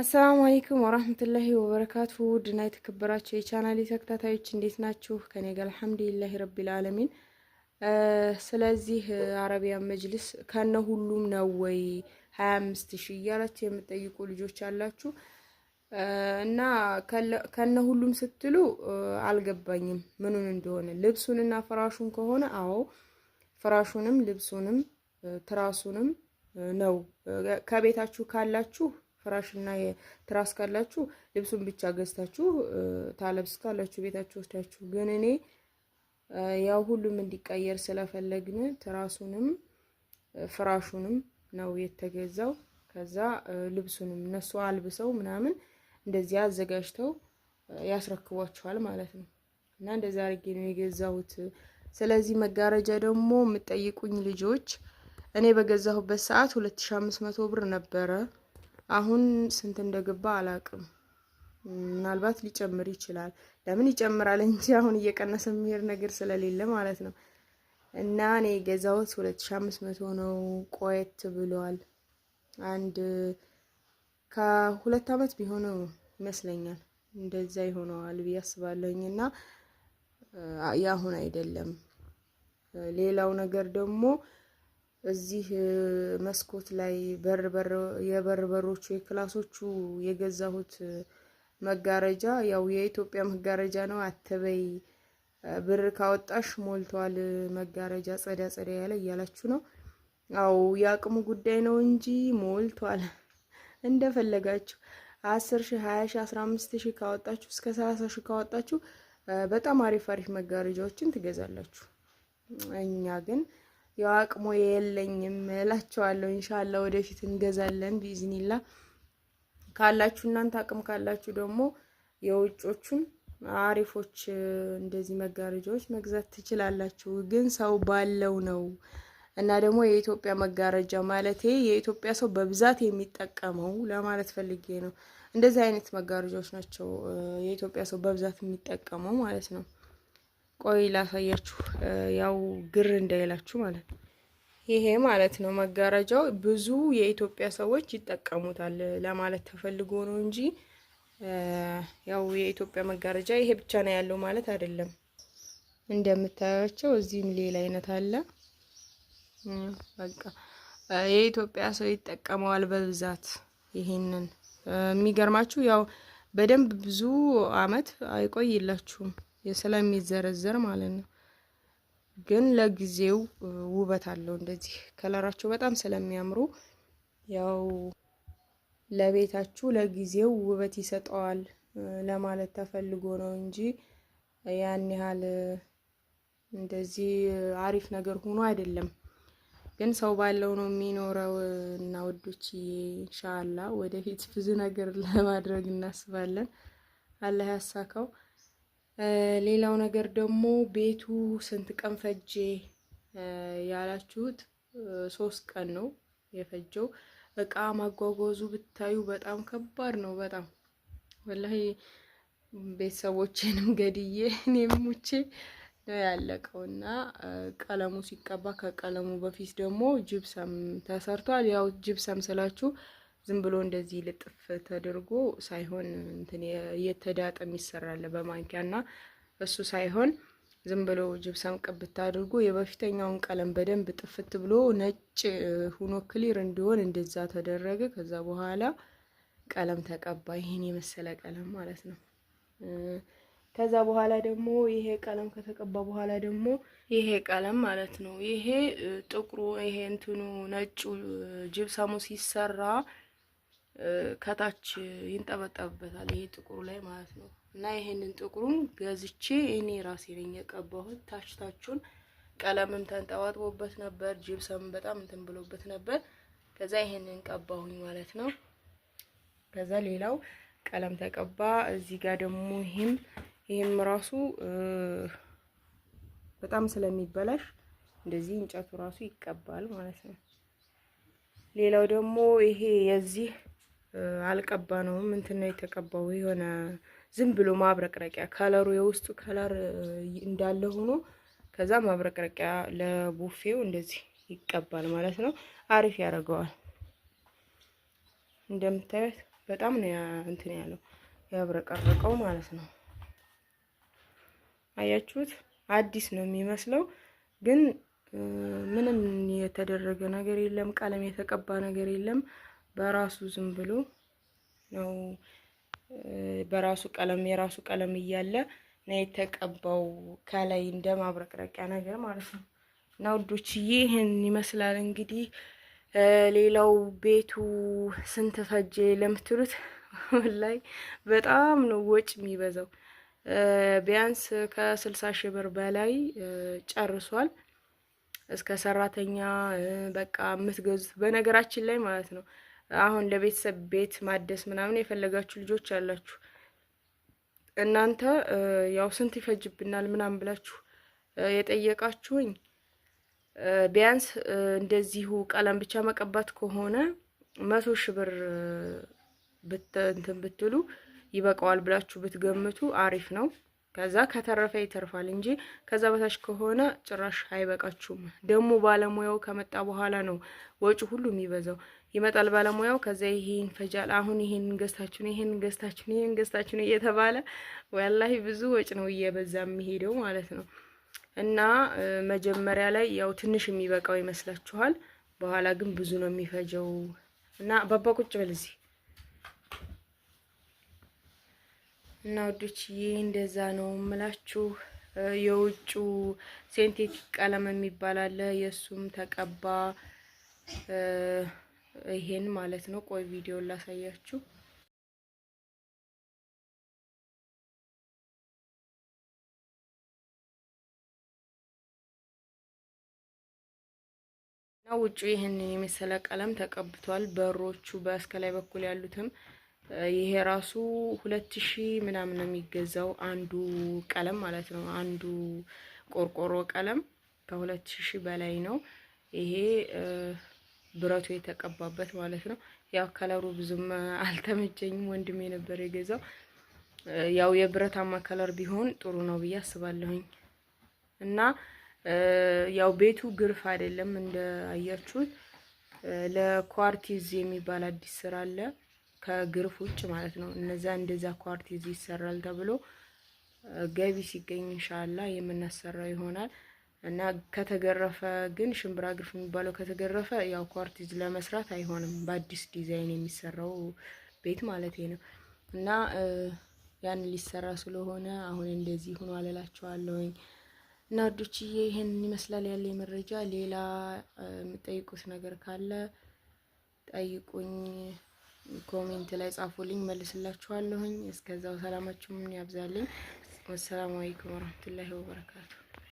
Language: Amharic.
አሰላሙ አለይኩም ወራህመቱላሂ ወበረካቱ ውድና የተከበራችሁ የቻናሌ ተከታታዮች እንዴት ናችሁ? ከኔ ጋር አልሐምዱሊላሂ ረቢል አለሚን ስለዚህ አረቢያን መጅልስ ከነ ሁሉም ነው ወይ 25 ሺህ እያላችሁ የምጠይቁ ልጆች አላችሁ እና ከነ ሁሉም ስትሉ አልገባኝም ምኑን እንደሆነ። ልብሱንና ፍራሹን ከሆነ አዎ ፍራሹንም ልብሱንም ትራሱንም ነው ከቤታችሁ ካላችሁ ፍራሽ እና ትራስ ካላችሁ ልብሱን ብቻ ገዝታችሁ ታለብስ ካላችሁ ቤታችሁ ወስዳችሁ፣ ግን እኔ ያው ሁሉም እንዲቀየር ስለፈለግን ትራሱንም ፍራሹንም ነው የተገዛው። ከዛ ልብሱንም እነሱ አልብሰው ምናምን እንደዚያ አዘጋጅተው ያስረክቧችኋል ማለት ነው። እና እንደዛ አድርጌ ነው የገዛሁት። ስለዚህ መጋረጃ ደግሞ የምጠይቁኝ ልጆች እኔ በገዛሁበት ሰዓት መቶ ብር ነበረ። አሁን ስንት እንደገባ አላቅም። ምናልባት ሊጨምር ይችላል። ለምን ይጨምራል እንጂ አሁን እየቀነሰ የሚሄድ ነገር ስለሌለ ማለት ነው። እና እኔ የገዛሁት ሁለት ሺ አምስት መቶ ነው። ቆየት ብሏል። አንድ ከሁለት አመት ቢሆነው ይመስለኛል እንደዛ ይሆነዋል ብዬ አስባለሁኝ። እና የአሁን አይደለም። ሌላው ነገር ደግሞ እዚህ መስኮት ላይ በር በር የበር በሮቹ የክላሶቹ የገዛሁት መጋረጃ ያው የኢትዮጵያ መጋረጃ ነው አትበይ፣ ብር ካወጣሽ ሞልቷል መጋረጃ ጸዳ ጸዳ ያለ እያላችሁ ነው። አው የአቅሙ ጉዳይ ነው እንጂ ሞልቷል። እንደፈለጋችሁ አስር ሺ ሀያ ሺ አስራ አምስት ሺ ካወጣችሁ እስከ ሰላሳ ሺ ካወጣችሁ በጣም አሪፍ አሪፍ መጋረጃዎችን ትገዛላችሁ። እኛ ግን ያው አቅሞ የለኝም እላቸዋለሁ። እንሻላ ወደፊት እንገዛለን ቢዝኒላ። ካላችሁ እናንተ አቅም ካላችሁ ደግሞ የውጮቹን አሪፎች እንደዚህ መጋረጃዎች መግዛት ትችላላችሁ። ግን ሰው ባለው ነው እና ደግሞ የኢትዮጵያ መጋረጃ ማለት የኢትዮጵያ ሰው በብዛት የሚጠቀመው ለማለት ፈልጌ ነው። እንደዚህ አይነት መጋረጃዎች ናቸው የኢትዮጵያ ሰው በብዛት የሚጠቀመው ማለት ነው። ቆይ ላሳያችሁ፣ ያው ግር እንዳይላችሁ ማለት ነው። ይሄ ማለት ነው መጋረጃው ብዙ የኢትዮጵያ ሰዎች ይጠቀሙታል ለማለት ተፈልጎ ነው እንጂ ያው የኢትዮጵያ መጋረጃ ይሄ ብቻ ነው ያለው ማለት አይደለም። እንደምታያቸው እዚህም ሌላ አይነት አለ። በቃ የኢትዮጵያ ሰው ይጠቀመዋል በብዛት ይሄንን። የሚገርማችሁ ያው በደንብ ብዙ አመት አይቆይላችሁም። ስለሚዘረዘር ማለት ነው። ግን ለጊዜው ውበት አለው እንደዚህ ከለራቸው በጣም ስለሚያምሩ ያው ለቤታችሁ ለጊዜው ውበት ይሰጠዋል ለማለት ተፈልጎ ነው እንጂ ያን ያህል እንደዚህ አሪፍ ነገር ሆኖ አይደለም። ግን ሰው ባለው ነው የሚኖረው እና ውዶች ኢንሻአላ ወደፊት ብዙ ነገር ለማድረግ እናስባለን። አላህ ያሳካው። ሌላው ነገር ደግሞ ቤቱ ስንት ቀን ፈጄ ያላችሁት፣ ሶስት ቀን ነው የፈጀው። እቃ ማጓጓዙ ብታዩ በጣም ከባድ ነው። በጣም ወላሂ ቤተሰቦቼንም ገድዬ እኔም ሙቼ ነው ያለቀው እና ቀለሙ ሲቀባ ከቀለሙ በፊት ደግሞ ጅብሰም ተሰርቷል። ያው ጅብሰም ስላችሁ ዝም ብሎ እንደዚህ ልጥፍ ተደርጎ ሳይሆን እንትን የተዳጠ የሚሰራለ በማንኪያ እና እሱ ሳይሆን ዝም ብሎ ጅብሰም ቅብት አድርጎ የበፊተኛውን ቀለም በደንብ ጥፍት ብሎ ነጭ ሁኖ ክሊር እንዲሆን እንደዛ ተደረገ። ከዛ በኋላ ቀለም ተቀባ። ይህን የመሰለ ቀለም ማለት ነው። ከዛ በኋላ ደግሞ ይሄ ቀለም ከተቀባ በኋላ ደግሞ ይሄ ቀለም ማለት ነው። ይሄ ጥቁሩ ይሄ እንትኑ ነጩ ጅብሰሙ ሲሰራ ከታች ይንጠበጠብበታል። ይሄ ጥቁሩ ላይ ማለት ነው። እና ይሄንን ጥቁሩን ገዝቼ እኔ ራሴ ነኝ የቀባሁት። ታች ታቹን ቀለምም ተንጠባጥቦበት ነበር፣ ጅብሰም በጣም እንትን ብሎበት ነበር። ከዛ ይሄንን ቀባሁኝ ማለት ነው። ከዛ ሌላው ቀለም ተቀባ። እዚህ ጋር ደግሞ ይሄም ይሄም ራሱ በጣም ስለሚበላሽ እንደዚህ እንጨቱ ራሱ ይቀባል ማለት ነው። ሌላው ደግሞ ይሄ የዚህ አልቀባ ነውም ነው የተቀባው። የሆነ ዝም ብሎ ማብረቅረቂያ ከለሩ የውስጡ ከለር እንዳለ ሆኖ ከዛ ማብረቅረቂያ ለቡፌው እንደዚህ ይቀባል ማለት ነው። አሪፍ ያደርገዋል። እንደምታዩት በጣም ነው እንትን ያለው ያብረቀረቀው ማለት ነው። አያችሁት? አዲስ ነው የሚመስለው ግን ምንም የተደረገ ነገር የለም። ቀለም የተቀባ ነገር የለም። በራሱ ዝም ብሎ ነው በራሱ ቀለም የራሱ ቀለም እያለ ነው የተቀባው ከላይ እንደ ማብረቅረቂያ ነገር ማለት ነው። እና ውዶችዬ ይህን ይመስላል እንግዲህ። ሌላው ቤቱ ስንት ፈጀ ለምትሉት ላይ በጣም ነው ወጪ የሚበዛው። ቢያንስ ከስልሳ ሺህ ብር በላይ ጨርሷል። እስከ ሰራተኛ በቃ የምትገዙት በነገራችን ላይ ማለት ነው አሁን ለቤተሰብ ቤት ማደስ ምናምን የፈለጋችሁ ልጆች አላችሁ። እናንተ ያው ስንት ይፈጅብናል ምናምን ብላችሁ የጠየቃችሁኝ ቢያንስ እንደዚሁ ቀለም ብቻ መቀባት ከሆነ መቶ ሺ ብር እንትን ብትሉ ይበቃዋል ብላችሁ ብትገምቱ አሪፍ ነው። ከዛ ከተረፈ ይተርፋል እንጂ ከዛ በታች ከሆነ ጭራሽ አይበቃችሁም። ደግሞ ባለሙያው ከመጣ በኋላ ነው ወጪ ሁሉ የሚበዛው። ይመጣል ባለሙያው። ከዚያ ይሄን ፈጃል፣ አሁን ይሄን ገዝታችን ይሄን ገዝታችሁ ነው፣ ይሄን እየተባለ ወላሂ ብዙ ወጭ ነው እየበዛ የሚሄደው ማለት ነው። እና መጀመሪያ ላይ ያው ትንሽ የሚበቃው ይመስላችኋል፣ በኋላ ግን ብዙ ነው የሚፈጀው። እና ባባ ቁጭ በል እዚህ እና ይህ እንደዛ ነው የምላችሁ። የውጩ ሴንቴቲክ ቀለም የሚባል አለ። የእሱም ተቀባ ይሄን ማለት ነው። ቆይ ቪዲዮ ላሳያችሁ። እና ውጪ ይህንን የመሰለ ቀለም ተቀብቷል። በሮቹ በስከላይ በኩል ያሉትም ይሄ ራሱ ሁለት ሺህ ምናምን ነው የሚገዛው አንዱ ቀለም ማለት ነው። አንዱ ቆርቆሮ ቀለም ከሁለት ሺህ በላይ ነው ይሄ ብረቱ የተቀባበት ማለት ነው። ያው ከለሩ ብዙም አልተመቸኝም። ወንድሜ ነበር የገዛው። ያው የብረታማ ከለር ቢሆን ጥሩ ነው ብዬ አስባለሁኝ። እና ያው ቤቱ ግርፍ አይደለም አያችሁት። ለኳርቲዝ የሚባል አዲስ ስራ አለ ከግርፍ ውጭ ማለት ነው። እነዛ እንደዛ ኳርቲዝ ይሰራል ተብሎ ገቢ ሲገኝ እንሻላ የምናሰራው ይሆናል። እና ከተገረፈ ግን ሽምብራ ግርፍ የሚባለው ከተገረፈ ያው ኳርቲዝ ለመስራት አይሆንም። በአዲስ ዲዛይን የሚሰራው ቤት ማለት ነው። እና ያን ሊሰራ ስለሆነ አሁን እንደዚህ ሁኖ አለላችኋለሁኝ። እና ወዶችዬ ይህን ይመስላል ያለ መረጃ። ሌላ የምጠይቁት ነገር ካለ ጠይቁኝ፣ ኮሜንት ላይ ጻፉልኝ፣ መልስላችኋለሁኝ። እስከዛው ምን ያብዛልኝ። ወሰላሙ አለይኩም ወረህመቱላሂ ወበረካቱ።